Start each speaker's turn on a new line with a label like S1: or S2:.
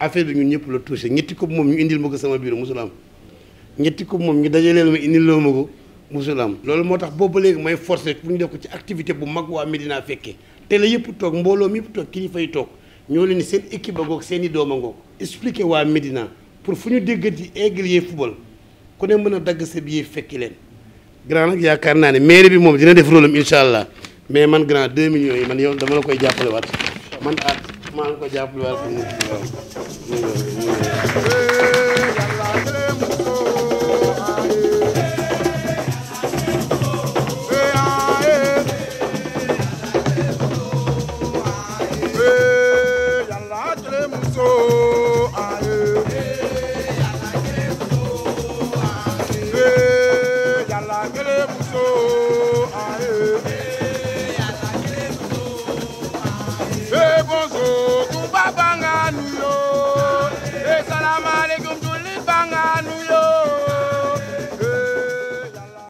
S1: affaire bi ñun ñëpp la touché ñetti coupe moom ñu indil ma ko sama bureau musul am ñetti coupe moom ñu dajaleel ma indil loo ma musul am loolu moo tax boobu ba léegi may forcé pour ñu def ko ci activité bu mag waa Medina fekkee te la yëpp toog mbooloo mi yëpp ki kilifa fay toog ñoo leen seen équipe ba ngoog seen i doom a ngoog expliqué waa Medina pour fu ñu déggati Aigle football ko ne mën a dagg sa billet fekki leen. grand nag yaakaar naa ne mairie bi moom dina def rôle am incha mais man grand 2 millions man yow dama la koy jàppale man at ah, maa ngi ko jàppale waat ko mu
S2: Yeah.